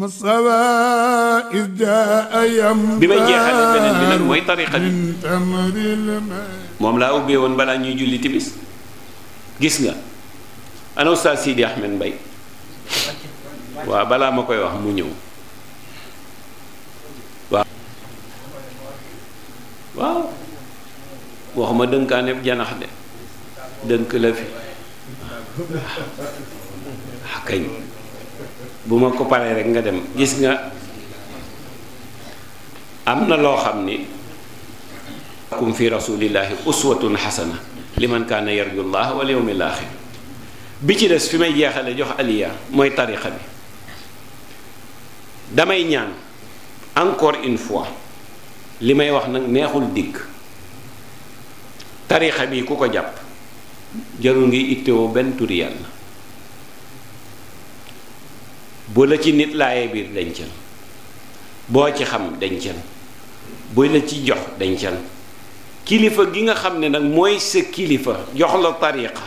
bi may jeexalee beneen bi nag mooy tariqa bi moom laa ubbee woon balaa ñuy julli tibis gis nga ana Oustaz Sidi Ahmed Mbaye balaa ma koy wax mu ñëw waaw waaw waxuma dënkaane janax de dënk la fi ah, kañ bu ma ko paree rek nga dem gis nga am na loo xam ni kum fi rasulillahi uswatun xasana liman kaana yarju llah bi ci des fi may jeexale jox aliya mooy tarixa bi damay ñaan encore une fois li may wax nag neexul dikk tarixa bi ku ko jàpp jarul ngi ittewoo benn turi yàlla bu la ci nit laaye biir dencal boo ci xam dencal bu la ci jox dencal kilifa gi nga xam ne nag mooy sa kilifa jox la tariqa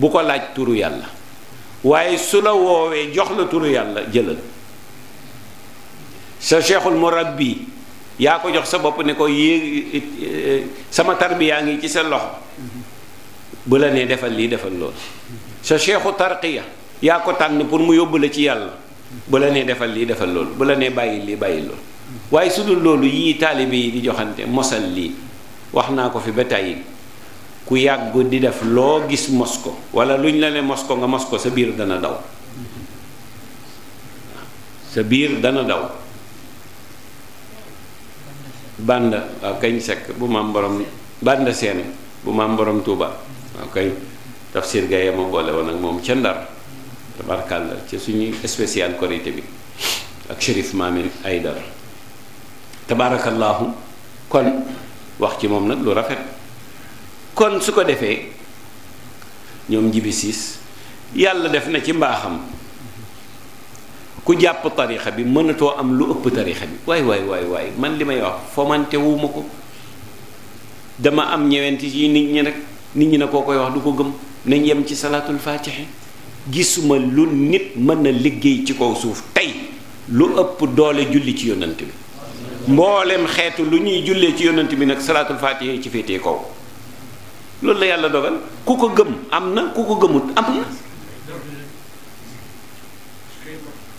bu ko laaj turu yàlla waaye su la woowee jox la turu yàlla jëlal sa cheikhul murabbi yaa ko jox sa bopp ne ko yéeg sama tarbiyaa ngi ci seen loxo bu la nee defal lii defal loolu sa cheikhu tarqiya yaa ko tànn pour mu yóbbu la ci yàlla bu la nee defal lii defal loolu bu la nee bàyyi lii bàyyi loolu waaye su dul loolu yii taalibe yi di joxante mosal lii wax naa ko fi ba tey ku yàgg di def loo gis mos ko wala luñ la ne mos ko nga mos ko sa biir dana daw sa biir dana daw bànd waaw kañ sekk bu maam borom bànd seen bu maam borom Touba waaw kañ tafsir gaye ma boole woon ak moom ca Ndar tabarkàlla ci suñuy spécial korité bi ak Chérif Mamine Aïdara tabaarakallaahu kon wax ci moom nag lu rafet kon su ko defee ñoom jibi siis yàlla def na ci mbaaxam ku jàpp tarixa bi mënatoo am lu ëpp tarixa bi waaye waay waaye waay man li may wax fomante ko dama am ñewenti yi nit ñi rek nit ñi na koo koy wax du ko gëm nañ yem ci salaatul faatixe gisuma lu nit mën na liggéey ci kaw suuf tey lu ëpp doole julli ci yonant bi mboolem xeetu lu ñuy jullee ci yonant bi nag salaatul faatiha ci féetee kaw loolu la yàlla dogal ku ko gëm am na ku ko gëmut am na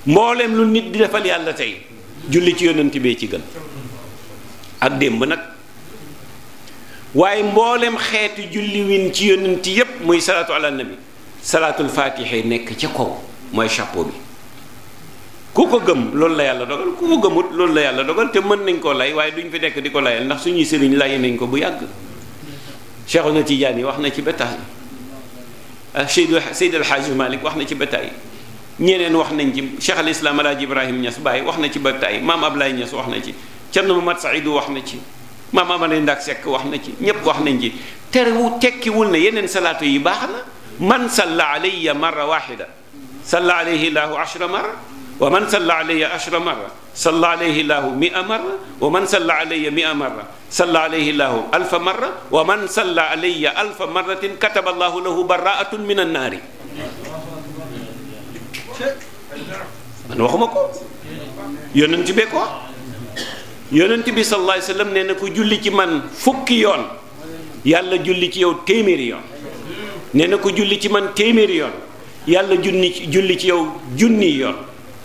mboolem lu nit di defal yàlla tey julli ci yonant bee ci gën ak démb nag waaye mboolem xeetu julli win ci yonant yépp muy salaatu ala bi salaatul faatixe nekk ca kaw mooy chapeau bi ku ko gëm loolu la yàlla dogal ku ko gëmut loolu la yàlla dogal te mën nañ koo lay waaye duñ fi nekk di ko layal ndax suñuy sëriñ lay nañ ko bu yàgg Cheikhuna yi wax na ci bétaay ah Seydou Seydou El Hadj Malick wax na ci bétaay ñeneen wax nañ ci Cheikh al Islam El Hadj Ibrahim Niass Baye wax na ci bétaay maam Ablaye Niass wax na ci Thierno Mat Saïdou wax na ci maam Amady Ndak sekk wax na ci ñëpp wax nañ ci terewu tekkiwul ne yeneen salaatu yi baax na. man salla alayya marra waxida salla alayhi laahu ashra marra wa man salla alayya ashra marra salla alayhi laahu mia marra wa man salla alayya mia marra salla alayhi laahu alfa marra wa man salla alayya alfa marratin kataba allaahu lahu baraatun min annaari man waxuma ko yonent bee ko yonent bi sallallahu alayhi wa sallam nee na ku julli ci man fukki yoon yàlla julli ci yow téeméeri yoon nee na ko julli ci man téeméeri yoon yàlla junni julli ci yow junni yoon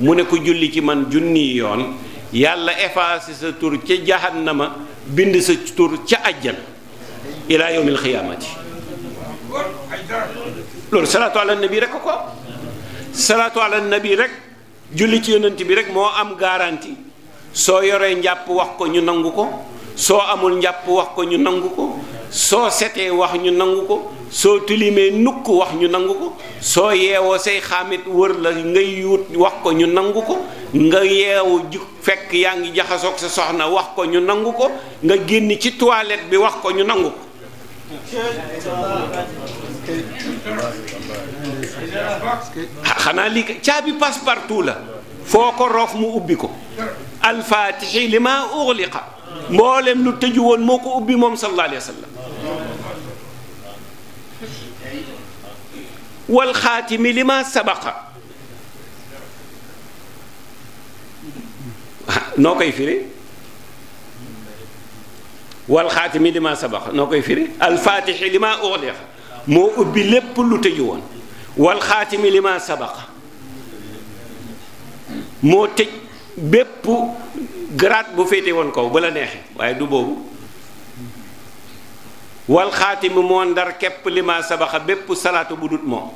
mu ne ko julli ci man junni yoon yàlla effacé sa tur ca jahannama bind sa tur ca ajjan ilaa yawmil xiyaamati loolu salaatu ala nabi rek ko salaatu ala nabi rek julli ci yonent bi rek moo am garanti soo yoree njàpp wax ko ñu nangu ko soo amul njàpp wax ko ñu nangu ko soo setee wax ñu nangu ko soo tilimee nukk wax ñu nangu ko soo yeewoo say xaamit wër la ngay yuut wax ko ñu nangu ko nga yeewu ju fekk yaa ngi jaxasoog sa soxna wax ko ñu nangu ko nga génn ci toilette bi wax ko ñu nangu ko xanaa lii caabi passe partout la foo ko roof mu ubbi ko alfaatixi li ma uxliqa mboolem lu tëju woon moo ko ubbi moom sallallahu alayhi wa wal xaatimi li ma sabaqa noo koy firi wal xaatimi li ma sabaqa noo koy firi alfaatixi li ma uxliqa moo ubbi lépp lu tëju woon wal xaatimi li ma sabaqa moo tëj bépp garaat bu féete woon kaw ba la neexee waaye du boobu wal xaatimu moo ndar képp li ma sabaxa bépp salaatu bu dut moom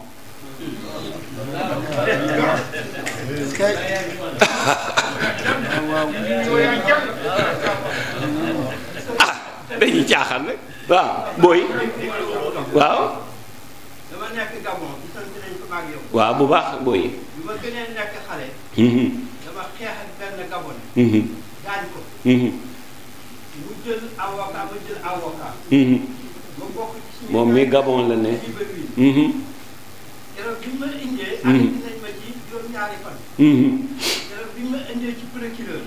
ah dañuy moom mi Gabon la ne. Mhm. keroog bi ma indee. Mhm. ak indi nañ ma ci juróom-ñaari fan. Mhm. keroog bi ma indee ci procureur.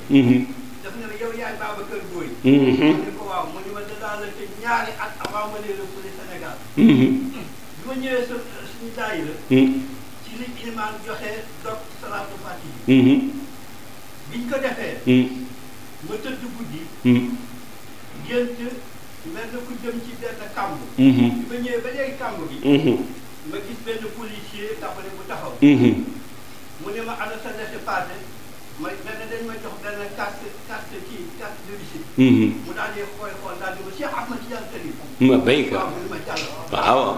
daf ne la yow yaay Babacar Boye. ne ko waaw mu ne ma danaa la tëj ñaari at avant ma leen refoulé Sénégal. bi ma ñëwee sa suñu daay la. ci li imaam joxe dog salaatu Fatiha. biñ ko defee. ma tëdd guddi. gént. mel na ku jëm ci benn kàmb. Mhm. bi ma ñëwee ba léegi kàmb bi. Mhm. ma gis benn policier taxale bu taxaw. Mhm. mu ne ma ana sa laissez-passer ma benn dañ ma jox benn carte carte kii carte de visite. mu daal di koy xool daal di ma Cheikh Ahmed Tidiane Kër yi. ma béy ko waaw.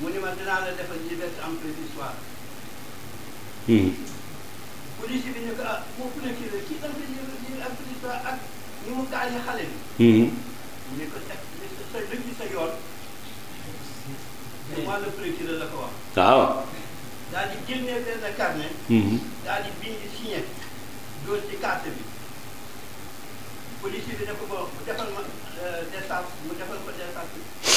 mu ni ma dinaa la defal liberté am provisoire. Hmm. police bi ne ko ah moo ku nekk la kii dafa liberté ak ni mu gaañe xale bi. Hmm. mu ne ko teg sa sa ci sa yoon. te hmm. wàllu procureur la ko wax. waaw. daal di génnee benn carnet. daal di bind signé ci carte bi. police bi ne ko bon defal ma euh, décharge mu defal ko décharge bi.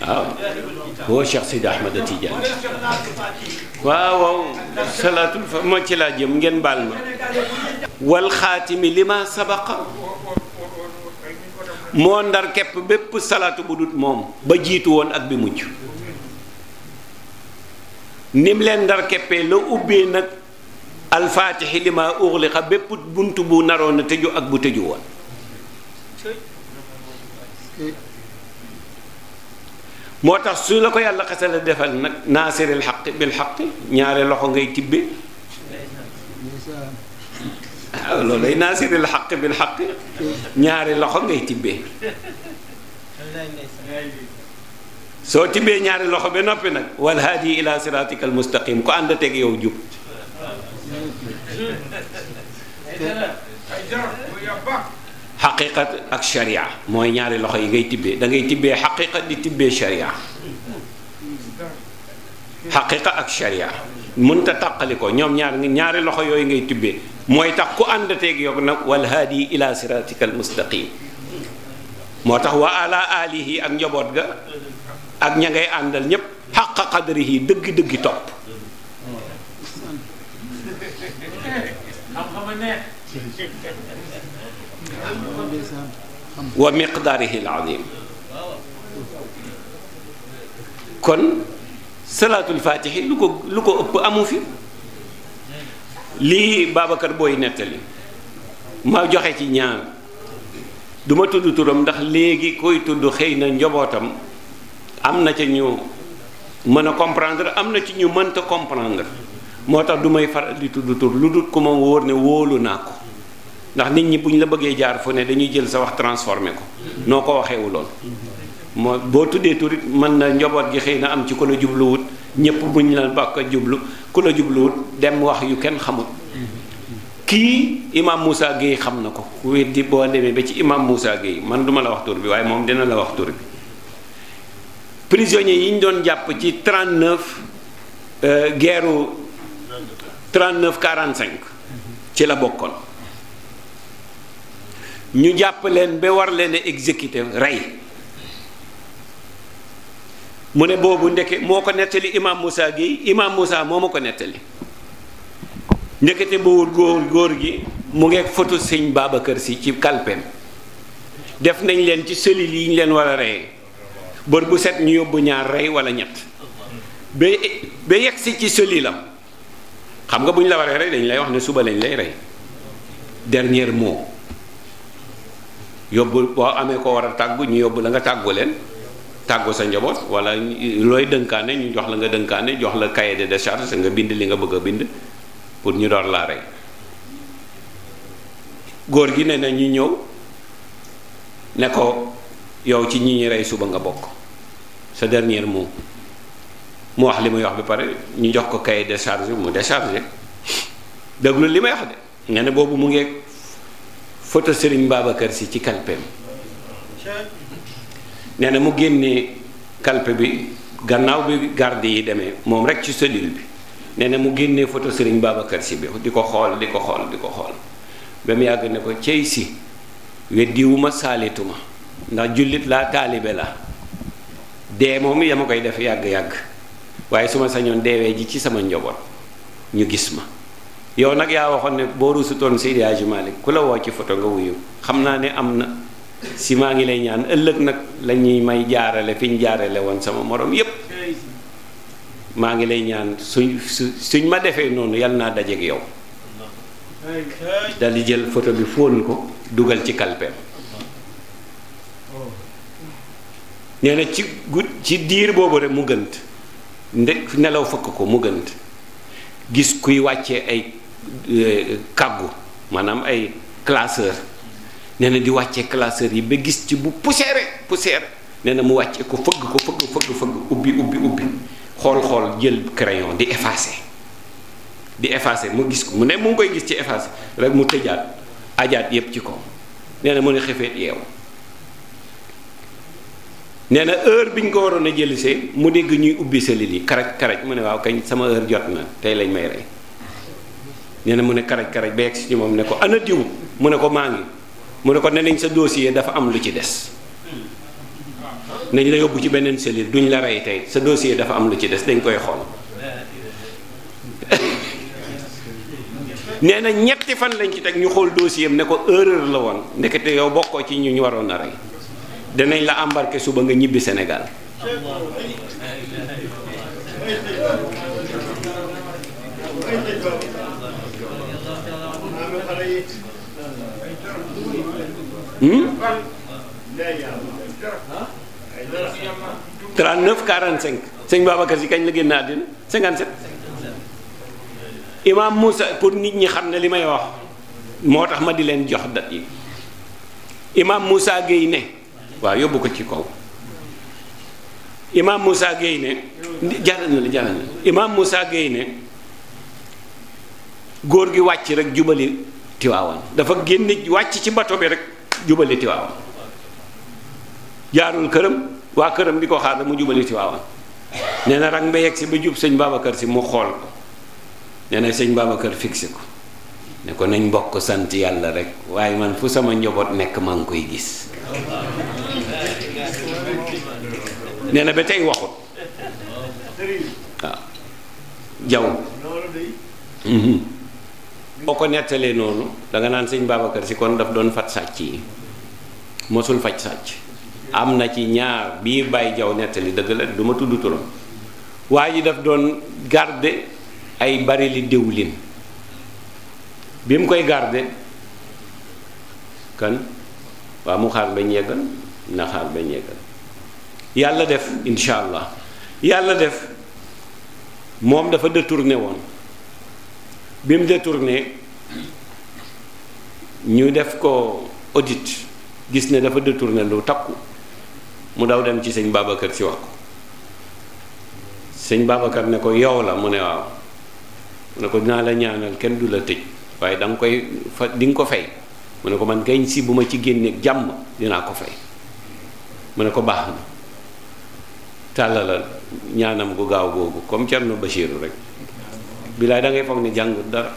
Ah. waaw woo waaw salaatul fa ma ci laa jëm ngeen baal ma wal xaatimi li ma sabaqa moo ndar képp bépp salaatu bu dut moom ba jiitu woon ak bi mujj nim leen ndar keppee la ubbee nag alfaatixi li ma uxliqa bépp bunt bu naroon a tëju ak bu tëju woon moo tax su la ko yàlla xasale defal nag naasiril xaq bil xaq ñaari loxo ngay tibbe waaw ah, loolay naasiril xaq bil xaq ñaare ngay tibbee soo tibbee ñaari loxo ba noppi nag wal haadi ila siratika al ku ànd teg yow jub xaqiqat ak sharia mooy ñaari loxo yi ngay tibbee da ngay tibbee xaqiqa di tibbee sharia xaqiqa ak sharia ta taqali ko ñoom ñaar ñaari loxo yooyu ngay tibbee mooy tax ku àndateeg yoog nag wal haadi ila siratika moo tax wa ala alihi ak njaboot ga ak ña ngay àndal ñépp xaqa qadrihi dëgg-dëggi topp wa miqdaarihi al-azim kon salaatul faatihi lu ko lu ko ëpp amu fi lii Babacar booy nettali ma joxe ci ñaar du ma tudd turam ndax léegi koy tudd xëy na njobootam am na ca ñu mën a comprendre am na ci ñu mënta comprendre moo tax du may faral di tudd tur lu dul ku ma wóor ne wóolu naa ko ndax nit ñi buñ la bëggee jaar fu ne dañuy jël sa wax transformé ko noo ko waxewu wu loon moo boo tuddee turit mën na njaboot gi xëy na am ci ku la jubluwut ñëpp ñu la bàkk jublu ku la jubluwut dem wax yu kenn xamut kii imam Moussa Gueye xam na ko ku weddi boo demee ba ci imam Moussa Gueye man duma la wax tur bi waaye moom dina la wax tur bi prisonniers yi ñu doon jàpp ci 39 guerru 39 45 ci la bokkoon ñu jàpp leen ba war leen a exécuter rey mu ne boobu ndeke moo ko nettali imam Moussa gi imam Moussa moo ma ko nettali ndekete boobu góor góor gi mu ngeeg photo sëñ kër si ci kalpem def nañ leen ci cellules yi ñu leen war a reyee bët bu set ñu yóbbu ñaar rey wala ñett ba ba yegsi ci cellule xam nga bu ñu la waree rey dañ lay wax ne suba lañ lay rey dernier mot yóbbu boo amee ko war a tàggu ñu yóbbu la nga tàggu leen tàggu sa njaboot wala looy dënkaane ñu jox la nga dënkaane jox la cahier de décharge nga bind li nga bëgg a bind pour ñu door laa rey góor gi ne na ñu ñëw ne ko yow ci ñi ñi rey suba nga bokk sa dernier mot mu wax li muy wax ba pare ñu jox ko cahier de décharge mu déchargé déglu li may wax de nga ne boobu mu ngeeg photo Serigne Babacar si ci kalpeem nee na mu génnee kalpe bi gannaaw bi garde yi deme moom rekk ci cellule bi nee na mu génnee photo Serigne Babacar si bi di ko xool di ko xool di ko xool ba mu yàgg ne ko cey si weddiwuma saalituma ndax jullit laa taalibe la dee moom ya ma koy def yàgg-yàgg waaye su ma sañoon deewee ji ci sama njaboot ñu gis ma yow nag yaa waxoon ne boo rusutoon Seydi Hadji Malick ku la woo ci photo nga wuyu xam naa ne am na si maa ngi lay ñaan ëllëg nag lañuy may jaarale fi ñu jaarale woon sama morom yépp maa ngi lay ñaan suñ suñ ma defee noonu yal naa dajeek yow dal di jël photo bi fóon ko dugal ci kalpeem nee na ci gu ci diir boobu rek mu gënt nde nelaw fëkk ko mu gënt gis kuy wàccee ay Euh, kàggu maanaam ay classeur nee na di wàccee classeur yi ba gis ci bu poussière poussière nee na mu wàccee ko fëgg ko fëgg fëgg fëgg ubbi ubbi ubbi xool xool jël crayon di effacer di effacer mu gis ko mu ne mu ngi koy gis ci effacer rek mu tëjaat ajaat yépp ci kaw nee na mu ne xefeet yeewu nee na heure bi ñu ko waroon a jëlisee mu dégg ñuy ubbi selil yi karaj karaj mu ne waaw kañ sama heure jot na tey lañ may rey nee na mu ne karaj karaj ba yegg ci moom ne ko ana diw mu ne ko maa mu ne ko ne nañ sa dossier dafa am lu ci des nañ la yóbbu ci beneen cellule duñ la rey tey sa dossier dafa am lu ci des dañ koy xool nee na ñetti fan lañ ci teg ñu xool dossier am ne ko erreur la woon ndekete yow bokkoo ci ñu ñu waroon a rey danañ la embarqué suba nga ñibbi senegal 39 hmm? 45 sëñ Babacar si kañ la génn àddina 57. Imam Moussa pour nit ñi xam ne li may wax moo tax ma di leen jox dat yi Imam Moussa Guèye ne yóbbu ko ci kaw Imam Moussa Guèye ne jaral na la jaral na la Imam Moussa Guèye góor gi wàcc rek jubali Tiwaawan dafa génn wàcc ci bato bi rek. jubale Tiwaawan jaarul këram waa këram bi ko xaar mu jubale Tiwaawan nee na rang ba yegg si ba jub sëñ Babacar si mu xool ko nee na sëñ Babacar fixé ko ne ko nañ bokk sant yàlla rek waaye man fu sama njaboot nekk maa ngi koy gis nee na ba tey waxut jaw mhm. boo ko nettalee noonu danga naan sëñ Babacar si kon daf doon fat sàcc yi mosul faj sàcc am na ci ñaar bii Baye Diaw nettali dëgg la du ma tudd turam waa ji daf doon garde ay barili diwlin bi mu koy garde kan waaw mu xaar bañ yeggal na xaar bañ yeggal yàlla def incha allah yàlla def moom dafa détourné woon bi mu détourné ñu def ko audit gis ne dafa détourné lu takku mu daw dem ci sëñ Babacar si wax ko sëñ Babacar ne ko yow la mu ne waaw mu ne ko dinaa la ñaanal kenn du la tëj waaye da koy fa di nga ko fay mu ne ko man gañ si bu ma ci génneeg jàmm dinaa ko fay mu ne ko baax na tàllalal ñaanam gu gaaw googu comme Thierno Bachir rek bilaay da ngay foog ne jàngut dara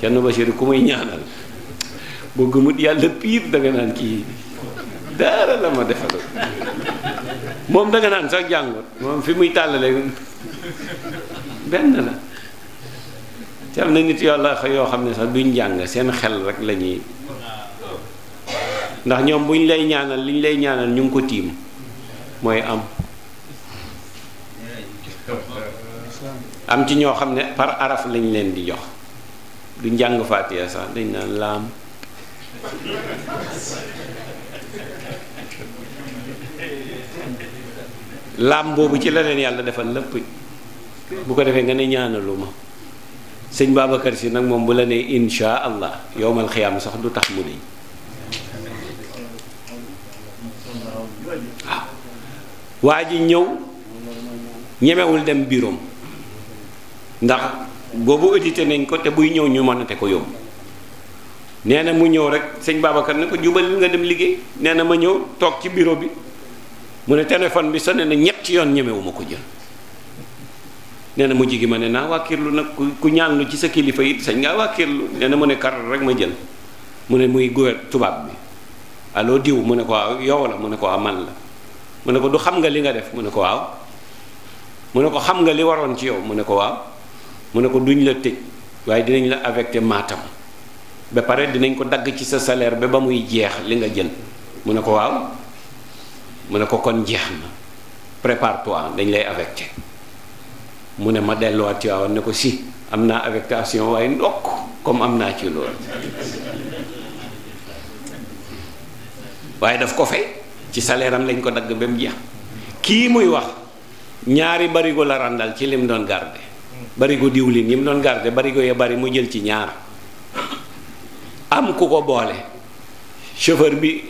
Thierno Bachir ku muy ñaanal. boo gëmut yàlla piir danga naan kii dara la ma defaloo moom danga naan sax jàngoot moom fi muy tàllale benn la ci am na nit yàlla yoo xam ne sax duñ jàng seen xel rek lañuy ndax ñoom buñ lay ñaanal liñ lay ñaanal ñu ngi ko tiim mooy am am ci ñoo xam ne par araf lañ leen di jox du njàng faatiya sax dañ naan laam laam boobu ci la leen yàlla defal lépp bu ko defee nga ne ñaanalu ma sëñ Babacar si nag moom bu la nee insha allah yowmal xiyaam sax du tax mu deñ waa ji ñëw ñemewul dem biroom ndax boobu audité nañ ko te buy ñëw ñu mënate ko yóbbu nee na mu ñëw rek sëñ Babacar ne ko jubal nga dem liggéey nee na ma ñëw toog ci bureau bi mu ne téléphone bi sonné na ñetti yoon ñemewuma ko jël nee na mu jigi ma ne naa wàkkirlu nag ku ñaanlu ci sa kilifa it sañ ngaa wàkkirlu nee na mu ne kar rek ma jël mu ne muy guwet tubaab bi aloo diw mu ne ko waaw yow la mu ne ko waaw man la mu ne ko du xam nga li nga def mu ne ko waaw mu ne ko xam nga li waroon ci yow mu ne ko waaw mu ne ko duñ la tëj waaye dinañ la affecté Matam ba pare dinañ ko dagg ci sa salaire bi ba muy jeex li nga jën mu ne ko waaw mu ne ko kon jeex na prépare dañ lay avecté mu ne ma delluwaat ci waaw ne ko si am naa affectation waaye ndokk comme am naa ci loolu waaye daf ko fay ci saleeram lañ ko dagg ba mu jeex kii muy wax ñaari barigo la ràndal ci lim doon garde barigo diwlin yi mu doon garde barigo ya bari mu jël ci ñaar am ku ko boole chauffeur bi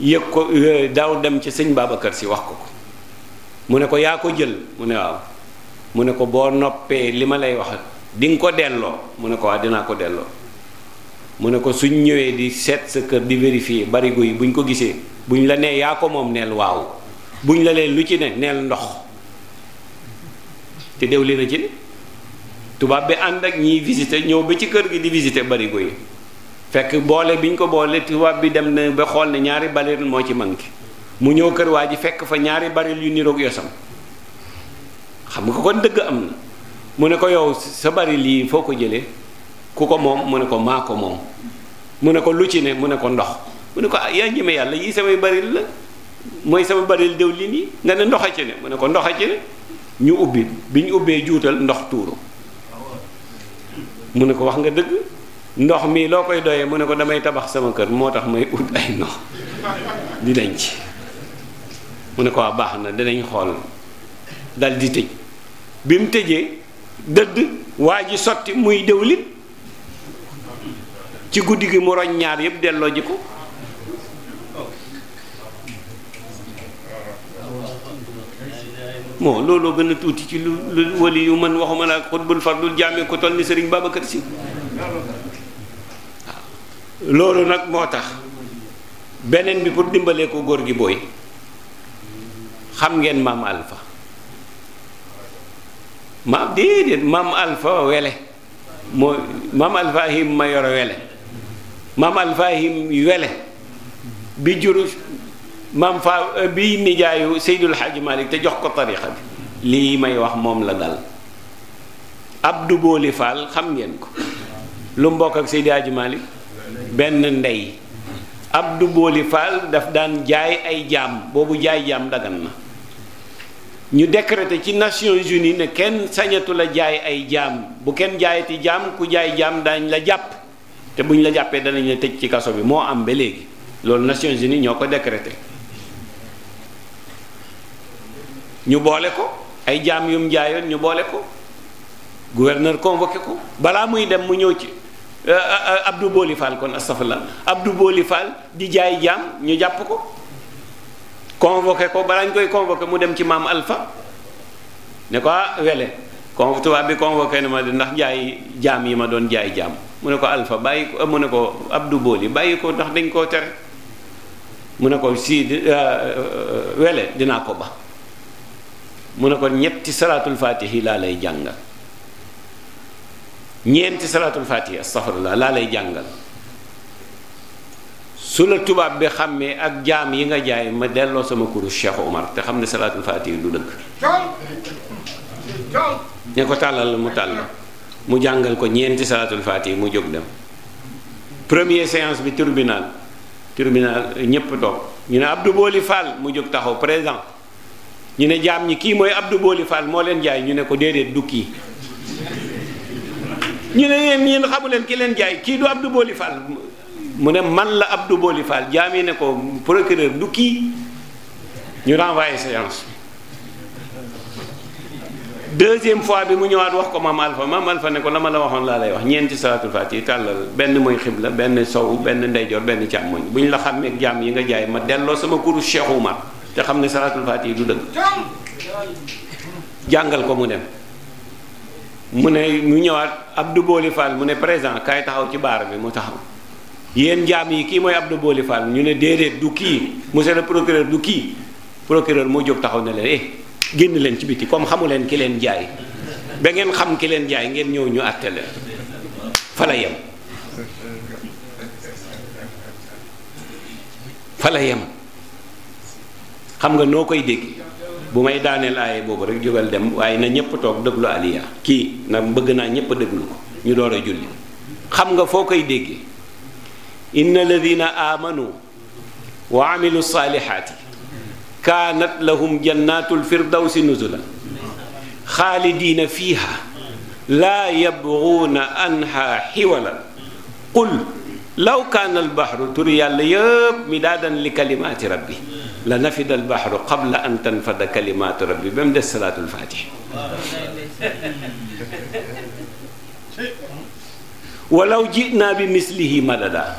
yëg ko daaw dem ci sëñ Babacar si wax ko ko mu ne ko yaa ko jël mu ne waaw mu ne ko boo noppee li ma lay wax dinga ko delloo mu ne ko waaw dinaa ko delloo mu ne ko suñ ñëwee di seet sa kër di vérifier barigo yi buñ ko gisee buñ la nee yaa ko moom neel waaw buñ la leen lu ci ne neel ndox te déwli na ci ne tubaab bi ànd ak ñiy visité ñëw ba ci kër gi di visité barigo yi fekk boole biñ ko boole tubaab bi dem na ba xool ne ñaari baril moo ci man gi mu ñëw kër waa ji fekk fa ñaari baril yu niroog yosam xam nga ko dëgg am na mu ne ko yow sa baril yi foo ko jëlee ku ko moom mu ne ko maa ko moom mu ne ko lu ci ne mu ne ko ndox mu ne ko ah, yaa yàlla yii samay baril mooy sama baril diwlin yi ndox a ci ne ko ndox a ci ñu ubbi bi ñu ubbee juutal ndox tuuru mu ne ko wax nga dëgg ndox mii loo koy doyee mu ne ko damay tabax sama kër moo tax may ut ay ndox di denc mu ne ko waa baax na dinañ xool dal di tëj bi mu tëjee dëdd waa ji sotti muy dëwlin ci guddi gi mu roñ ñaar yëpp delloo ji ko bon looloo gën a tuuti ci lu lu wali yu man waxuma laa xutbul fardul jaame ko toll ni Sëriñ Babacar Si loolu nag moo tax beneen bi pour dimbalee ko góor gi booy xam ngeen maam alfa maam déedéet maam alfa wele moo maam alfa ma yoro wele maam alfa wele bi juru maam fa bi nijaayu seydul xaaji te jox ko tarixa bi lii may wax moom la dal abdu booli faal xam ngeen ko lu mbokk ak seydi xaaji benn ndey Abdou Booli Fall daf daan jaay ay jaam boobu jaay jaam dagan na ñu décrété ci Nations Unies ne kenn sañatu la jaay ay jaam bu kenn jaayati jaam ku jaay jaam daañ la jàpp te buñ la jàppee danañ la tëj ci kaso bi moo am ba léegi loolu Nations Unies ñoo ko décrété ñu boole ko ay jaam yum jaayoon ñu boole ko gouverneur convoqué ko balaa muy dem mu ñëw ci Euh, euh, euh, Abdou Boli Fall kon la Abdou Boli Fall di jaay jaam ñu jàpp ko convoqué ko balaa ñu koy convoqué mu dem ci maam alfa ne ko ah wele kon tubaab bi convoqué na ma de ndax jaay jaam yi ma doon jaay jaam mu ne ko alfa bàyyi ko mu ne ko Abdou Boli bàyyi ko ndax dañ koo tere mu ne ko si wele dinaa ko ba mu ne ko ñetti salaatul faatihi laa lay jàngal ñeenti salaatul fatiha astaghfirullah laa lay jàngal su la tubaab bi xàmmee ak jaam yi nga jaay ma delloo sama kurus Cheikh Omar te xam ne salaatul faati du dëgg ne ko tàllal la mu tàll mu jàngal ko ñeenti salaatul fatiha mu jóg dem premier séance bi tribunal tribunal ñépp toog ñu ne Abdou Boli Fall mu jóg taxaw président ñu ne jaam ñi kii mooy Abdou Boli Fall moo leen jaay ñu ne ko déedéet du kii ñu ne yéen yéen xamu leen ki leen jaay kii du Abdou booli Fall mu ne man la Abdou Boli Fall jaam yi ne ko procureur du kii ñu renvoyé séance deuxième fois bi mu ñëwaat wax ko maam ma maam Alpha ne ko la ma la waxoon laa lay wax ñeenti salaatul faatiha tàllal benn mooy xibla benn sow benn ndeyjoor benn càmmoñ bu ñu la xàmmee ak jaam yi nga jaay ma delloo sama kuru Cheikh Oumar te xam ne salaatul faatiha du dëgg jàngal ko mu dem. mu ne mu ñëwaat Abdou Boli Fall mu ne président kaay taxaw ci baar bi mu taxaw yéen njaam yi kii mooy Abdou Boli Fall ñu ne déedéet du kii monsieur le procureur du kii procureur moo jóg taxaw ne leen eh génn leen ci biti comme xamu leen ki leen jaay ba ngeen xam ki leen jaay ngeen ñëw ñu àtte leen fa la yem fa la yem xam nga noo koy dégg bu may daaneel aaye boobu rek jógal dem waaye na ñëpp toog déglu aliya kii nag bëgg naa ñëpp déglu ko ñu door a julli xam nga foo koy déggee inna alladina amanu wa amilu saalihaati kaanat lahum jannatul firdawsi nuzula xaalidiina fiiha laa yabguuna anha xiwalan qul law kaana albahru turi yàlla yëpp midaadan li kalimaati rabbi la nafida al bahru qabla an tanfada kalimaatu rabbi ba mu des salaatul faatih walaw ji'naa bi mislihi madada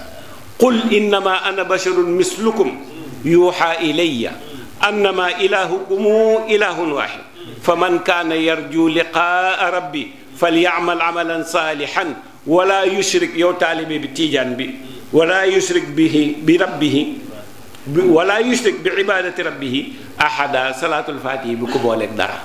qul innama ana basharun mislukum yuuxaa ilayya annama ilaahukum ilaahun waaxid faman kaana yarju liqaa rabbi falyacmal camalan saalixan wala yushrik yow taalibe bi tiijaan bi wala yushrik bihi bi rabbihi bi wala yushrik bi ibadati rabbihi ahada salaatul faatihi bu ko booleeg dara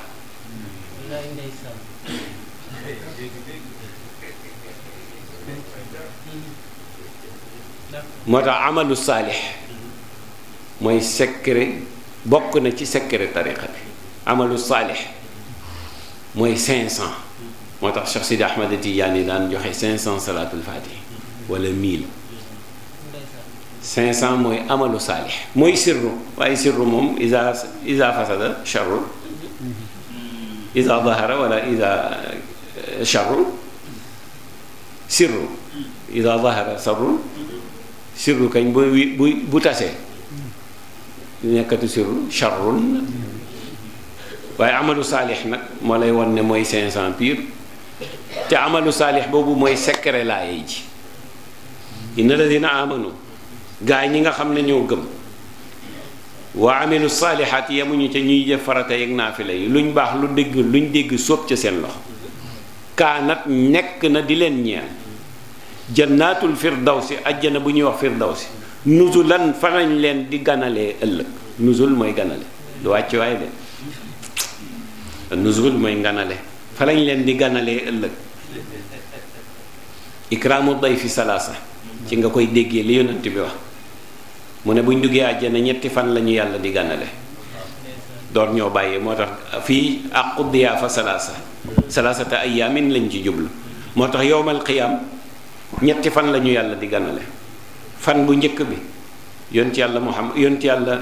moo tax amalu saalix mooy secret bokk na ci secret tariqa bi amalu saalix mooy 500 moo tax Cheikh Sidi Ahmad Tijaani daan joxe 500 salaatul faatihi wala 1000 500 mooy amalu saalix mooy sirru waaye sirru moom isa isa fasada charru isa dahara wala isa charru eh, sirru isa dahara sarru sirru kañ bu bu bu tasee nekkatu sirru charrun waaye amalu saalix nag moo lay won ne mooy 500 pire te amalu saalix boobu mooy secret laaye ji inna alladina amanu gaa ñi nga xam ne ñoo gëm wa amilu saalihaat yemuñu ca ñuy jëf naa fi naafila yi luñ baax lu dégg luñ dégg sóob ca seen loxo kaanat nekk na di leen ñeel jannaatul firdawsi ajjana bu ñuy wax firdawsi nuzulan fa lañ leen di ganalee ëllëg nuzul mooy ganale lu wàcc waay de nuzul mooy ganale fa lañ leen di ganalee ëllëg ikraamu day fi salaasa ci nga koy déggee li yonent bi wax mu ne buñ duggee àjjana ñetti fan la ñu yàlla di gànnale door ñoo bàyyee moo tax fii aqu diyaafa salaasa salaasata ayaamin lañ ci jublu moo tax yowmal qiyaam ñetti fan lañu ñu yàlla di gànnale fan bu njëkk bi yonent yàlla Muhammad yonent yàlla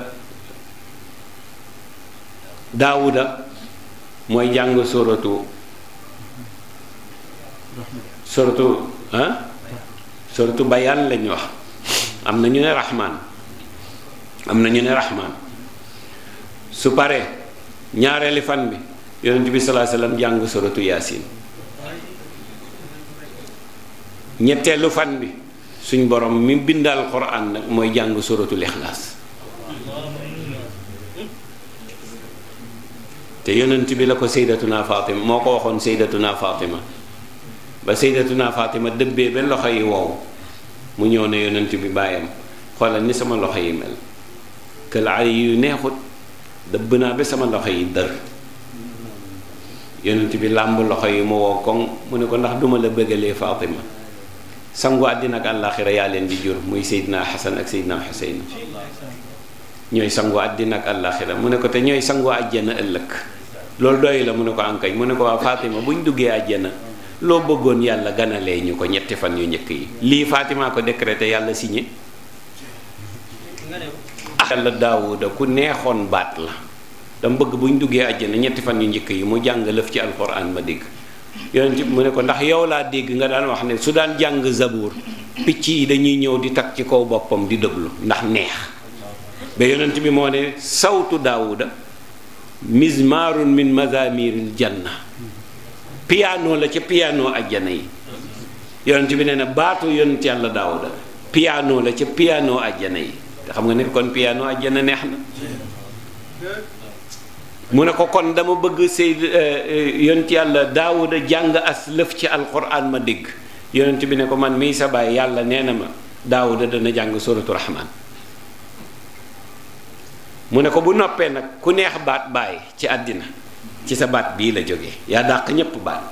daawuda mooy jàng soratu soratu ah soratu bayaan lañ wax am na ñu ne rahmaan am na ñu ne rahmaan su paree ñaareeli fan bi yonent bi salaa jàng suratu yaasin ñetteelu fan bi suñ borom mi bindal quran nag mooy jàng suratul ixlaas te yonent bi la ko saydatuna Fatima moo ko waxoon saydatuna Fatima ba saydatuna Fatima dëbbee ba loxo yi wow mu ñëw ne yonent bi bàyyam xoolal ni sama loxo yi mel këlaar yu neexut dëbb naa ba sama loxo yi dër yonent bi làmb loxo yi mu woo koŋ mu ne ko ndax duma la bëggalee Fatima sangu àddina ak àllaaxira yaa leen di jur muy Seydina Xasan ak Seydina Xuseyn ñooy sangu àddina ak àllaaxira mu ne ko te ñooy sangu àjjana ëllëg loolu doy la mu ne ko ankañ mu ne ko waa Fatima bu ñu duggee àjjana loo bëggoon yàlla ganalee ñu ko ñetti fan yu njëkk yi lii Fatima ko décrété yàlla signé xel daawuda ku neexoon baat la dama bëgg bu ñu duggee àjjana ñetti fan yu njëkk yi mu jàng lëf ci alxuraan ma dégg yonent bi mu ne ko ndax yow laa dégg nga daan wax ne su daan jàng zabuur picc yi dañuy ñëw di tag ci kaw boppam di déglu ndax neex ba yonent bi moo ne sawtu daawuda mizmaarun min mazamiril janna piano la ca piano àjjana yi yonent bi nee na baatu yonent yàlla daawuda piano la ca piano àjjana yi xam nga ne kon piano àjjana neex na mu ne ko kon dama bëgg say euh, euh, yonent yàlla daawuda jàng as lëf ci alquran ma dégg yonent bi ne ko man mii sa baay yàlla nee na ma daawuda dana jàng suratu rahman mu ne ko bu noppee nag ku neex baat bàyyi ci àddina ci sa baat bii la jóge yaa dàq ñépp baat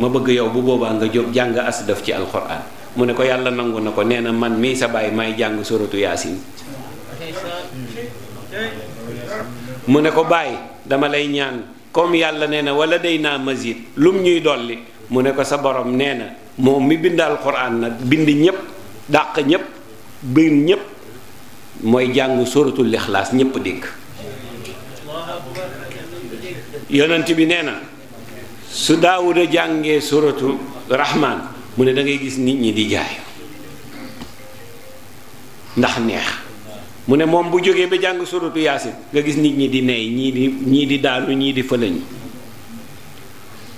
ma bëgg yow bu boobaa nga jóg jàng as lëf ci alquran mu ne ko yàlla nangu na ko nee na man mii sa baay may jàng suratu yaasin mu ne ko bàyyi dama lay ñaan comme yàlla nee na wala day naa masjid lum ñuy dolli mu ne ko sa borom nee na moom mi bind alxuraan nag bind ñépp dàq ñépp bind ñépp mooy jàng suratul ixlaas ñépp dégg yonent bi nee na su daawuda jàngee suratu rahmaan mu ne dangay gis nit ñi di jaay ndax neex mu ne moom bu jógee ba jàng suratu yaasin nga gis nit ñi di ney ñii di ñii di daanu ñii di fëlañu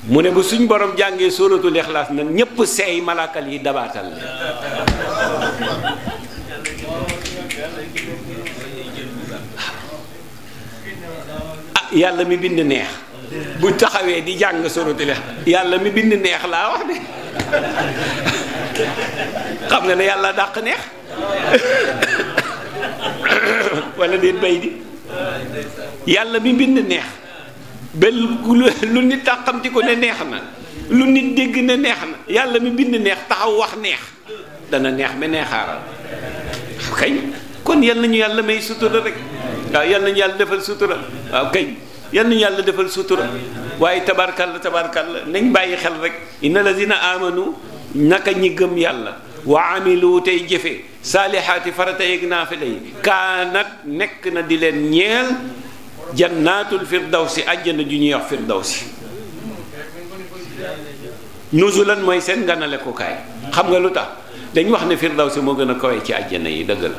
mu ne bu suñ borom jàngee suratul ixlaas nag ñépp seey malaakal yi dabaatal la ah yàlla mi bind neex bu taxawee di jàng suratul ixlaas yàlla mi bind neex laa wax de xam nga na yàlla dàq neex walla déet bay di yàlla mi bind neex ba lu nit tàqamti ko ne neex na lu nit dégg ne neex na yàlla mi bind neex taxaw wax neex dana neex ba neexaaral kay kon yal nañu yàlla may sutura rek waaw yal nañu yàlla defal sutura waaw kay yal nañu yàlla defal sutura waaye la tabarkalla tabarkalla nañ bàyyi xel rek inna dina amanu naka ñi gëm yàlla wa amilu tey jëfe saalihaati farata yeeg naafila yi kaanat nekk na di leen ñeel jannaatul firdawsi àjjana ju ñuy wax firdawsi nuzulan mooy seen nganale ko kaay xam nga lu tax dañ wax ne firdawsi moo gën a kawe ci àjjana yi dëgg la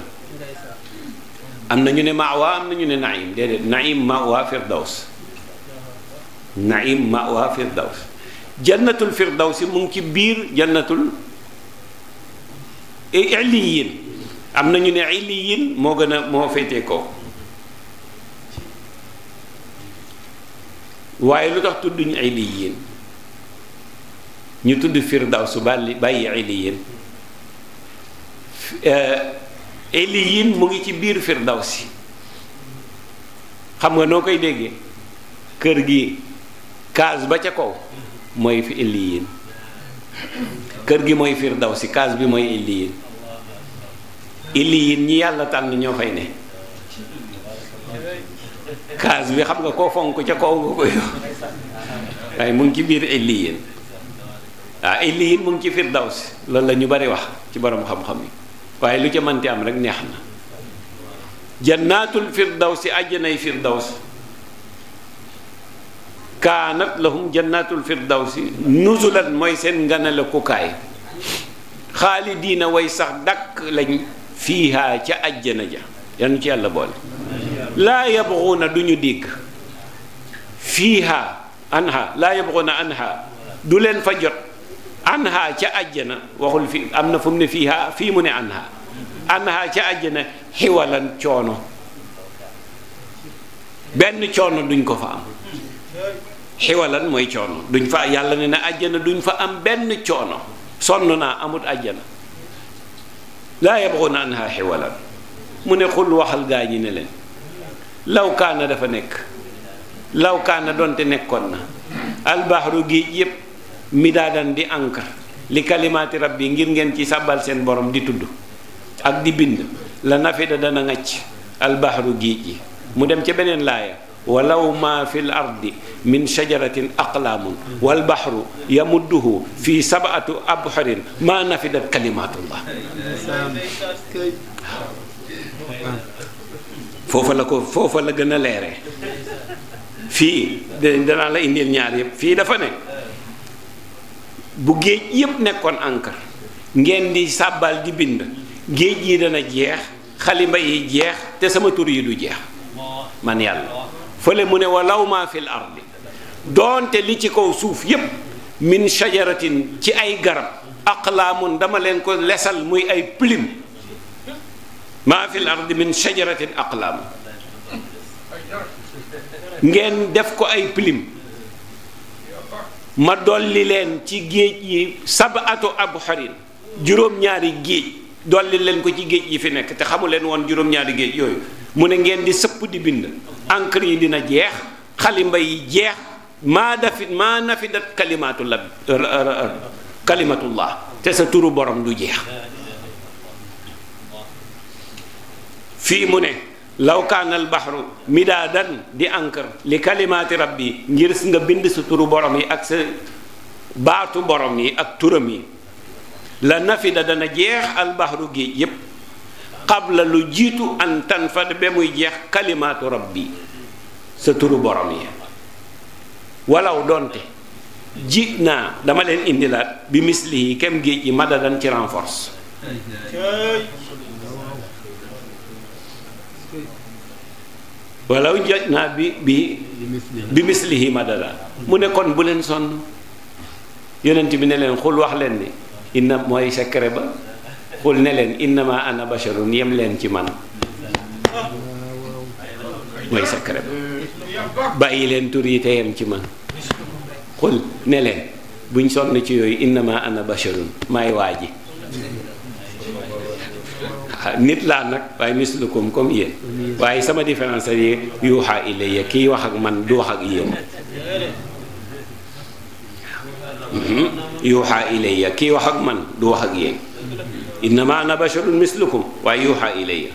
am na ñu ne maawa am na ñu ne naim déedéet naim maawa firdaws naim mawa firdaws jannatul firdaws mu ngi ci biir jannatul e, illiyin am na ñu ne illiyin moo gën a moo féetee kaw waaye lu tax tudduñu illiyin ñu tudd firdaws bàlli bàyyi illiyin eliyin eh, mu ngi ci biir firdawsi xam nga noo koy déggee kër gi kaas ba ca kaw mooy fi illiyin kër gi mooy firdawsi kaas bi mooy illiyin illiyin ñi yàlla tànn ñoo fay ne kaas bi xam nga koo fonk ca kaw nga ko waaye mu ci biir illiyin waaw illiyin mu ngi ci firdawsi loolu la ñu bari wax ci borom xam-xam yi waaye lu ca mënti am rek neex na jannaatul firdawsi àjjanay firdawsi kaanat lahum jannatul firdawsi nuzulan mooy seen nganale kukaay xaalidiina way sax dàkk lañ fiiha ca ajjana ja yanu ci yàlla boole laa yabxuuna du ñu dikk fiiha anha laa yabxuuna anha du leen fa jot anha ca ajjana waxul fi am na fu mu ne fiiha fii mu ne anha anha ca ajjana xiwalan coono benn coono duñ ko fa am xiwalan mooy coono duñ fa yàlla ne na àjjana duñ fa am benn coono sonn naa amut àjjana laa yabxuuna anha xiwalan mu ne xul waxal gaa ñi ne leen law kaana dafa nekk law kaana donte nekkoon na albaxru géej yépp midaadan di encre li kalimaati rabbi ngir ngeen ci sàbbal seen borom di tudd ak di bind la nafida dana ngacc albaxru géej yi mu dem ca beneen laaya walaw ma fi ardi min shajaratin aqlaamun walbahru yamudduhu fi sabatu abhurin ma nafidat kalimatullah foofa la ko foofa la gën a leere fii danaa la indil ñaar yépp fii dafa ne bu géej yëpp nekkoon encre ngeen di sàbbal di bind géej yi dana jeex xalimba yi jeex te sama turi yi du jeex man yàlla fële mu ne walaw maa fil ardi doonte li ci kaw suuf yépp min shajaratin ci ay garab aqlaamun dama leen ko lesal muy ay plume maa fil ardi min shajaratin aqlaam ngeen def ko ay plume ma dolli leen ci géej yi sabaatu abxarin juróom-ñaari géej dolli leen ko ci géej yi fi nekk te xamu leen woon juróom-ñaari géej yooyu mu ne ngeen di sëpp di bind encre yi dina jeex xalimba yi jeex maa dafit maa nafidat kalimatu la kalimatullah te sa turu borom du jeex fii mu ne law kaana al di encre li kalimaati rabbi ngir nga bind sa turu borom yi ak sa baatu borom yi ak turam yi la nafida dana jeex albaxru géej yépp qabla lu jiitu an tanfad ba muy jeex kalimaatu bi sa turu borom yi walaw donte ji naa dama leen indilaat bi misli yi kem géej yi madadan ci renforce walaw jaj naa bi bi bi mislihi madada mu ne kon bu leen sonn yonent bi ne leen xul wax leen ni inna mooy secret ba xul ne leen innama ana basharun yem leen ci man mooy secret ba bàyyi leen tur yi te yem ci man xul ne leen buñ sonn ci yooyu innama ana basharun maay waa ah, nit laa nag waaye mislukum comme yéen waaye sama différence yi yuuxa ilayya kiy wax ak man du wax ak yéen Hmm? yuuxaa ilayya kii wax ak man du wax ak yéen innama ana basharun mislukum waaye yuuxaa ilayya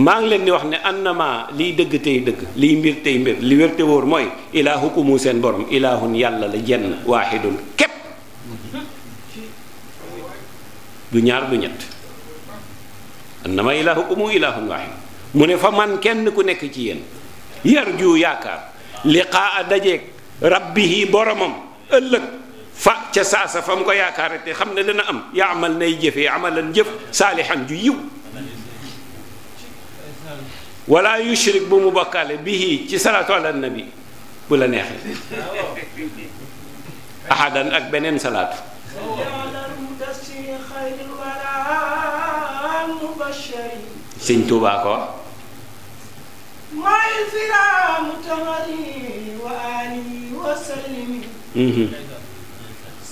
maa ngi leen di wax ne annama liy dëgg tey dëgg liy mbir tey mbir li wér te wóor mooy ilaahukumu seen borom ilaahun yàlla la jenn waaxidun képp du ñaar du ñett annama ilaahukumu ilaahun waaxid mu ne fa man kenn ku nekk ci yéen yarju yaakaar liqaa dajeeg rabbihi boromam ëllëg fa ca saasa fa mu ko yaakaar te xam ne dana am yaamal nay jëfee amalan jëf saalihan ju yiw wala yushrik bu mu bokkaale bihi ci salaatu ala nabi bu la neexee ahadan ak beneen salaatu sëñ Tuubaa ko may firamu tamari wa ali wa salimi mhm.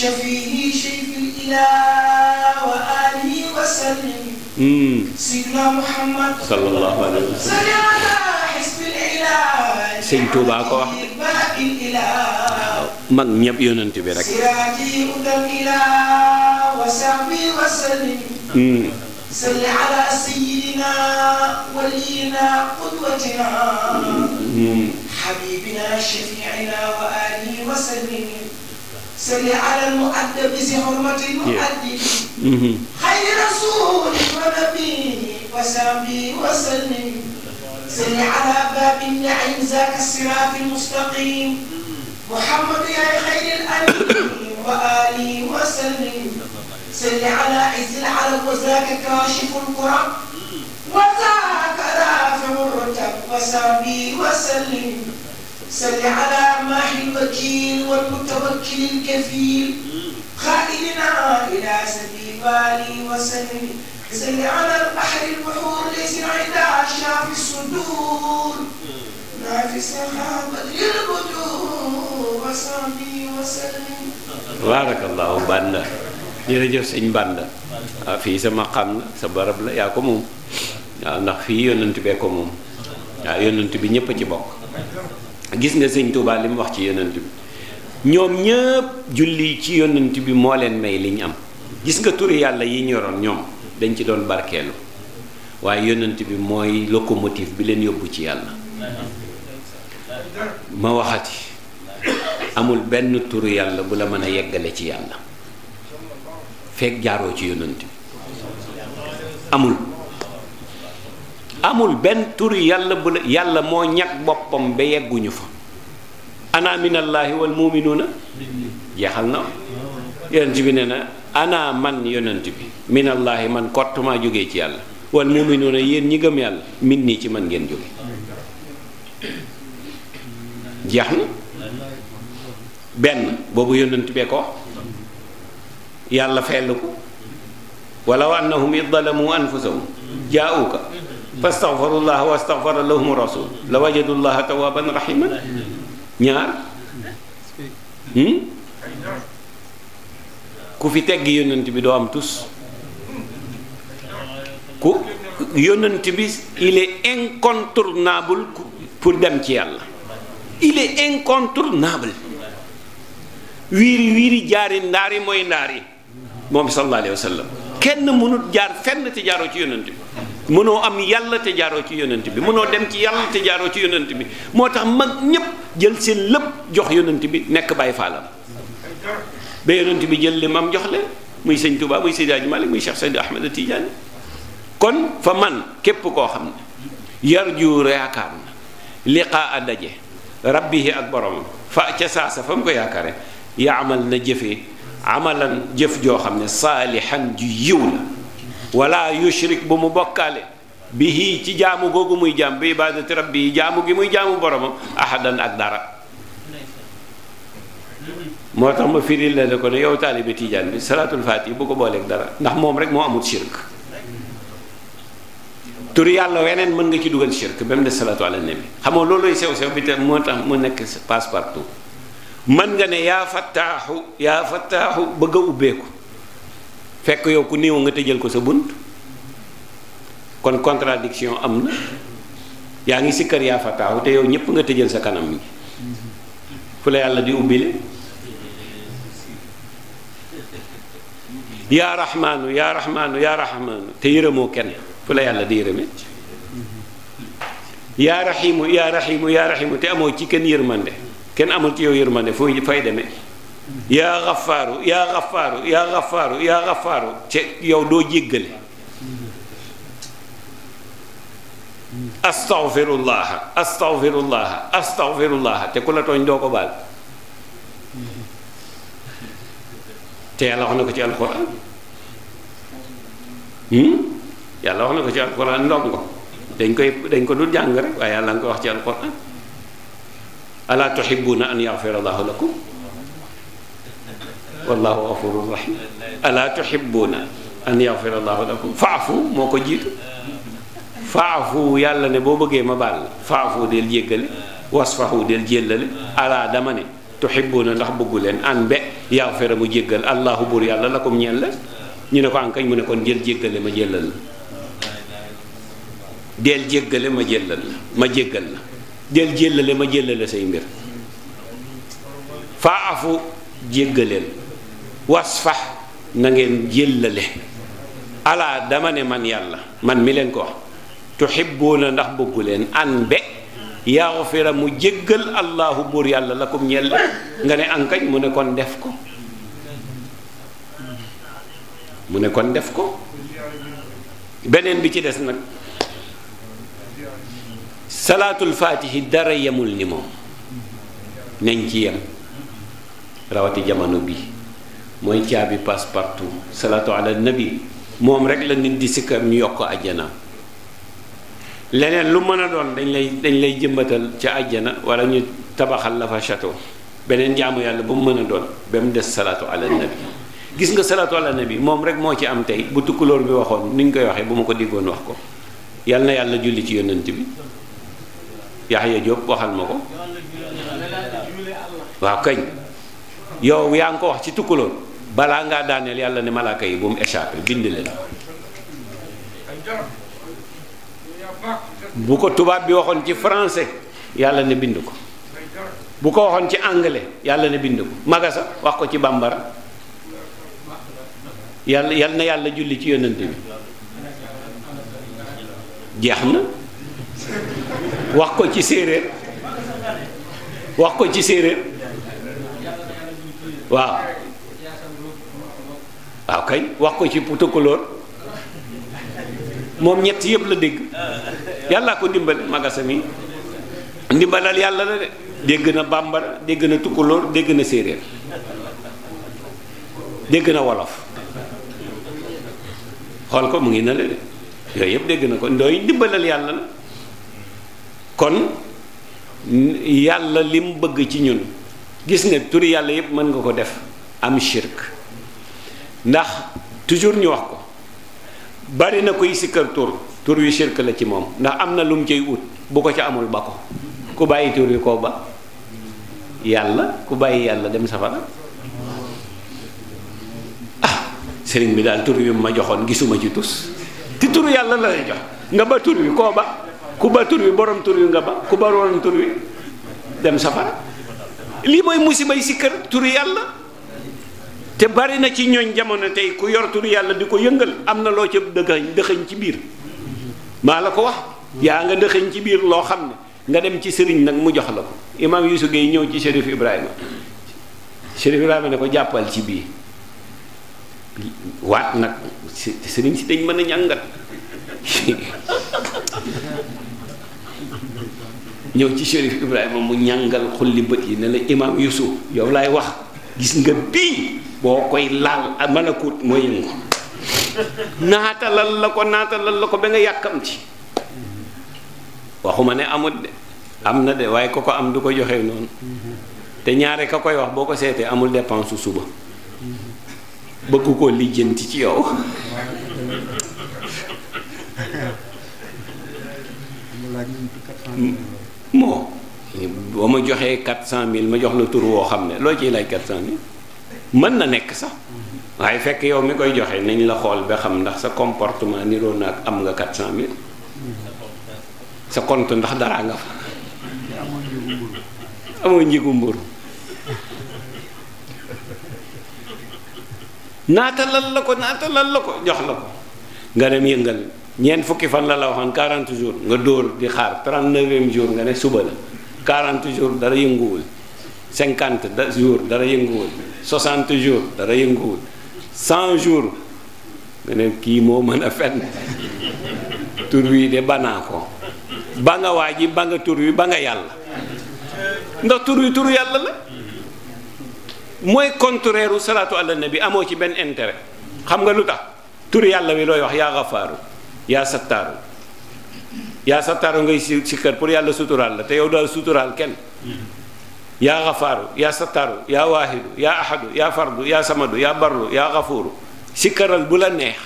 شفيه شيخ الإله وآله وسلم سيدنا محمد صلى الله عليه وسلم صلى على حسب الإله سيدنا توبا كو mag ñëpp yonent bi rek siraati udam ila wa sahbi wa sallim salli ala sayyidina waliyina qudwatina habibina shafi'ina wa alihi wa sallim salli ala al-mu'addabi bi hurmati al-mu'addibi khayri mm-hmm. rasuli wa nabiyyi wa sahbihi wa sallim salli ala babi an-na'im zaka as-sirati al-mustaqim muhammad ya khayri al-anbiya wa alihi wa sallim salli ala izz al-'alam wa zaka kashif al-kurab wa zaka rafi al-rutab wa sahbihi wa sallim صل على ماحي الوكيل والمتوكل الكفيل خائننا إلى سبيل بالي وسلمي صل على البحر البحور ليس عند شاف الصدور نافي سحابة البدور وسامي وسلمي بارك الله بنا jërëjëf sëñ Banda waaw fii sa maqaam la sa barab la yaa ko moom waaw ndax fii yonent bee ko moom waaw yonent bi ñépp a ci bokk gis nga sëñ Touba li mu wax ci yonent bi ñoom ñëpp julli ci yonant bi moo leen may li ñu am gis nga turi yàlla yi ñoroon ñoom dañ ci doon barkeelu waaye yonant bi mooy locomotive bi leen yóbbu ci yàlla ma waxati amul benn turu yàlla bu la mën a yeggale ci yàlla fekk jaaroo ci yonent bi amul amul benn turi yàlla bu la yàlla moo ñag boppam ba yegguñu fa ana minallaahi wal muminuuna jeexal na yonent bi nee na ana man yonent bi minallaahi man kott maa jógee ci yàlla wal muminuuna yéen ñi gëm yàlla min nii ci man ngeen jóge jeex na benn boobu yonent bee ko wax yàlla fell ko walaw annahum id zalamu anfusahum jaauka fastaxfarullah wa astaxfara lahum rasul la wajadullaha tawaaban rahiman ñaar hmm? ku fi teg yónnent bi doo am tus ku yónnent bi il incontournable pour dem ci yàlla il est incontournable wiiri wiiri jaari ndaari mooy ndaari moom sallallahu alayhi kenn mënut jaar fenn te jaaroo ci yónnent bi mënoo am yàlla te jaaroo ci yonent bi mënoo dem ci yàlla te jaaroo ci yonent bi moo tax mag ñépp jël seen lëpp jox yonent bi nekk bàyyi faalam ba yonent bi jël li mam jox le muy sëñ Touba muy Seydi Hadji Malick muy Cheikh Seydi Ahmed Tidiane kon fa man képp koo xam ne yarju yaakaar na liqaa a daje rabbihi ak boromam fa ca saasa fa mu ko ya amal na jëfe amalan jëf joo xam ne saalihan ju yiw la wala yushrik bu mu bokkaale bihi ci jaamu googu muy jaam bi ibadati rabbi jaamu gi muy jaamu boromam ahadan ak dara moo tax ma firil la ko ne yow taalibe tiijan bi salaatul faati bu ko booleeg dara ndax moom rek moo amul shirk tur yàlla weneen mën nga ci dugal shirk ba mu des salaatu ala nabi xamoo loolooy sew sew bi te moo tax mu nekk passe partout mën nga ne yaa fattaaxu yaa fattaaxu bëgg a ubbeeku fekk yow ku néew nga tëjal ko sa bunt kon contradiction am na yaa ngi si kër yaa fa taaw te yow ñëpp nga tëjal sa kanam gi fu la yàlla di ubbile yaa raxmaanu yaa raxmaanu yaa raxmaanu te yërëmoo kenn fu la yàlla di yërëme yaa raxiimu yaa raxiimu yaa raxiimu te amoo ci kenn yërmande kenn amul ci yow yërmande fooy fay demee yaa xafaaru yaa xafaaru yaa xafaaru yaa xafaaru ca yow doo jéggale astaghfirullah astaghfirullah astaghfirullah te ku la tooñ doo ko baal te yàlla wax na ko ci alquran hmm? yàlla wax na ko ci alquran ndongo dañ koy dañ ko dul jàng rek waaye yàlla nga ko wax ci alquran ala tuhibbuna an yaghfira allahu lakum wallahu gafurun rahim alaa tuhibbuuna an yaxfira allahu lakum faafu moo ko jiitu faafu yàlla ne boo bëggee ma baal la faafu del jéggale wasfahu del jéllale alaa dama ne tuhibbuuna ndax bëggu leen an be yaxfira mu jéggal allahu buur yàlla lakum ñeel la ñu ne ko ankañ mu ne kon jël jéggale ma jéllal la del jéggale ma jéllal la ma jéggal la del jéllale ma jéllale say mbir faafu jéggaleel wasfax na ngeen jëllale alaa dama ne man yàlla man mi leen ko wax ndax bëggu leen an be yaxfira mu jéggal allahu buur yàlla lakum ñel nga ne ankañ mu ne kon def ko mu ne kon def ko beneen bi ci des nag salaatul faatihi dara yemul ni moom nañ ci yem rawati jamono bii mooy caabi passe partout salaatu ala nabi moom rek la nit di sikkar ñu yokk ajjana leneen lu mën a doon dañ lay dañ lay jëmbatal ca ajjana wala ñu tabaxal la fa château beneen jaamu yàlla ba mu mën a doon ba mu des salaatu ala nabi gis nga salaatu ala nabi moom rek moo ci am tey bu tukkulóor bi waxoon ni ñu koy waxee bu ma ko diggoon wax ko yal na yàlla julli ci yonent bi Yaxya Jóob waxal ma ko waaw kañ yow yaa ngi ko wax ci tukkulóor balaa ngaa daaneel yàlla ne malaaka yi bu mu échappé bind leen bu ko tubaab bi waxoon ci français yàlla ne bind ko bu ko waxoon ci anglais yàlla ne bind ko magasa wax ko ci bambara yàlla yal na yàlla julli ci yonent bi jeex na wax ko ci séeréer wax ko ci séeréer waaw waaw kay wax ko ci tukulóor moom ñett yëpp la dégg yàllaa ko dimbal magasa mi ndimbalal yàlla la de dégg na bambara dégg na tukulóor dégg na séeréer dégg na wolof xool ko mu ngi na la de yooyu yëpp dégg na ko ndooy ndimbalal yàlla la kon yàlla lim bëgg ci ñun gis nga turi yàlla yëpp mën nga ko def am shirk ndax toujours ñu wax ko bari na koy sikkar tur tur wi shirk la ci moom ndax am na lu mu ciy ut bu ko ci amul ba ko ku bàyyi tur wi koo ba yàlla ku bàyyi yàlla dem safara ah sëriñ bi daal tur wi ma joxoon gisuma ci tus ti tur yàlla la lay jox nga ba tur wi koo ba ku ba tur wi borom tur wi nga ba ku ba borom tur wi dem safara lii mooy musibay sikkar tur yàlla te bari na ci ñooñ jamono tey ku yor turu yàlla di ko yëngal am na loo ca dëxëñ dëxëñ ci biir maa la ko wax yaa nga dëxëñ ci biir loo xam ne nga dem ci sëriñ nag mu jox la ko imaam Yuusu Gay ñëw ci Chérif Ibrahima Chérif Ibrahima ne ko jàppal ci bii waat nag sëriñ si dañ mën a ñàngat ñëw ci Chérif Ibrahima mu ñàngal xulli bët yi ne la imaam Yuusu yow laay wax gis nga bii boo koy laal malakut mooy yëngu naatalal la ko naatalal la ko ba nga yàkkamti waxuma ne amut de am na de waaye ko ko am du ko joxe noonu te ñaare ko koy wax boo ko seetee amul dépense su suba bëgg koo lijjanti ci yow moo ba ma joxee quatre cent mille ma jox la tur woo xam ne loo ciy laaj quatre cent mille mën na nekk sax waaye fekk yow mi koy joxe nañ la xool ba xam ndax sa comportement niroo na ak am nga 400000 sa compte ndax dara nga fa amoo njigu mburu naatalal la ko naatalal la ko jox la ko nga dem yëngal ñeent fukki fan la la waxoon 40 jours nga dóor di xaar 39e jour nga ne suba la 40 jours dara yënguwul 50 jours dara yënguwul soixante jours dara yënguwul cent jours nga ne kii moo mën a fenn tur wi de banaa ko ba nga waa ji ba nga tur wi ba nga yàlla ndax tur wi tur yàlla la mooy contraire u salaatu ala nabi amoo ci benn intérêt xam nga lu tax tur yàlla wi looy wax yaa xafaaru yaa sattaaru yaa sattaaru ngay si si kër pour yàlla suturaal la te yow daal suturaal kenn yaa xafaaru yaa sataaru yaa waaxidu yaa ahadu yaa fardu yaa samadu yaa barlu yaa xafuuru sikkaral bu la neex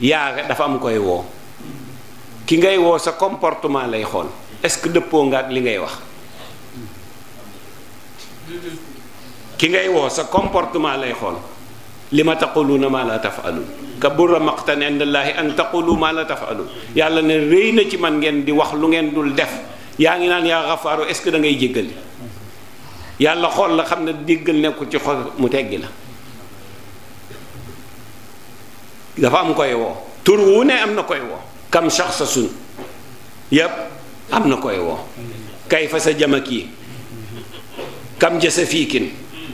yaa dafa am koy woo ki ngay woo sa comportement lay xool est-ce que dëppoo nga ak li ngay wax ki ngay woo sa comportement lay xool li ma taquluuna maa la tafalun kabura maqtan indallaahi an taqulu maa la tafalun yàlla ne rëy na ci man ngeen di wax lu ngeen dul def yaa ngi naan yaa xafaaru est-ce que da ngay yàlla xool la xam ne déggal nekkul ci xol mu teggi la dafa am koy woo tur wu ne am na koy wo kam sax sa yëpp am na koy woo kay fa sa jama kii kam jësa fiikin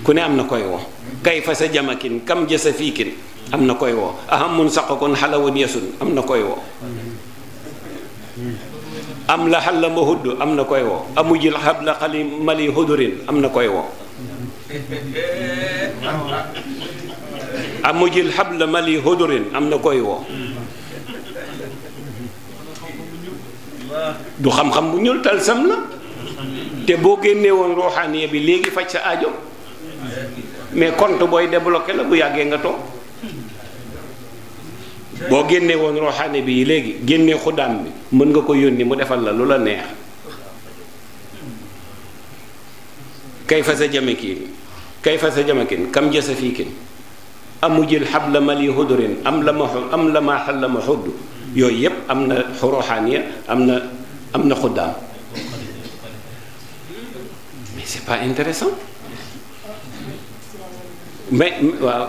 ku ne am na koy woo kay fa sa jamakin kam jësa fiikin am na koy woo ahamun saqakun xalawan yasun am na koy woo am la xal la ma hudd am na koy woo amujil xab la xali mali hudurin am na koy woo amujil xab la mali hudurin am na koy woo du xam-xam bu ñuul talsam la te boo génnee woon ruuxaaniya bi léegi faj sa aajo mais compte booy débloqué la bu yàggee nga toog boo génnee woon roxaane bi léegi génnee xuddaam bi mën nga ko yónni mu defal la lu la neex kay fa sa jamakiin kay fa sa jamakiin kam jësa fiikin amujil xab la mali xudurin am la ma am la ma xal la ma xudd yooyu yépp am na roxaan am na am na xuddaam mais c'est pas intéressant mais waaw